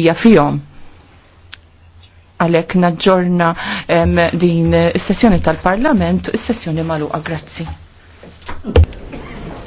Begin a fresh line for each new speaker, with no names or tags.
hija fihom. Għalhekk naġġorna din is-sessjoni tal-Parlament, is-sessjoni magħluqa, grazzi.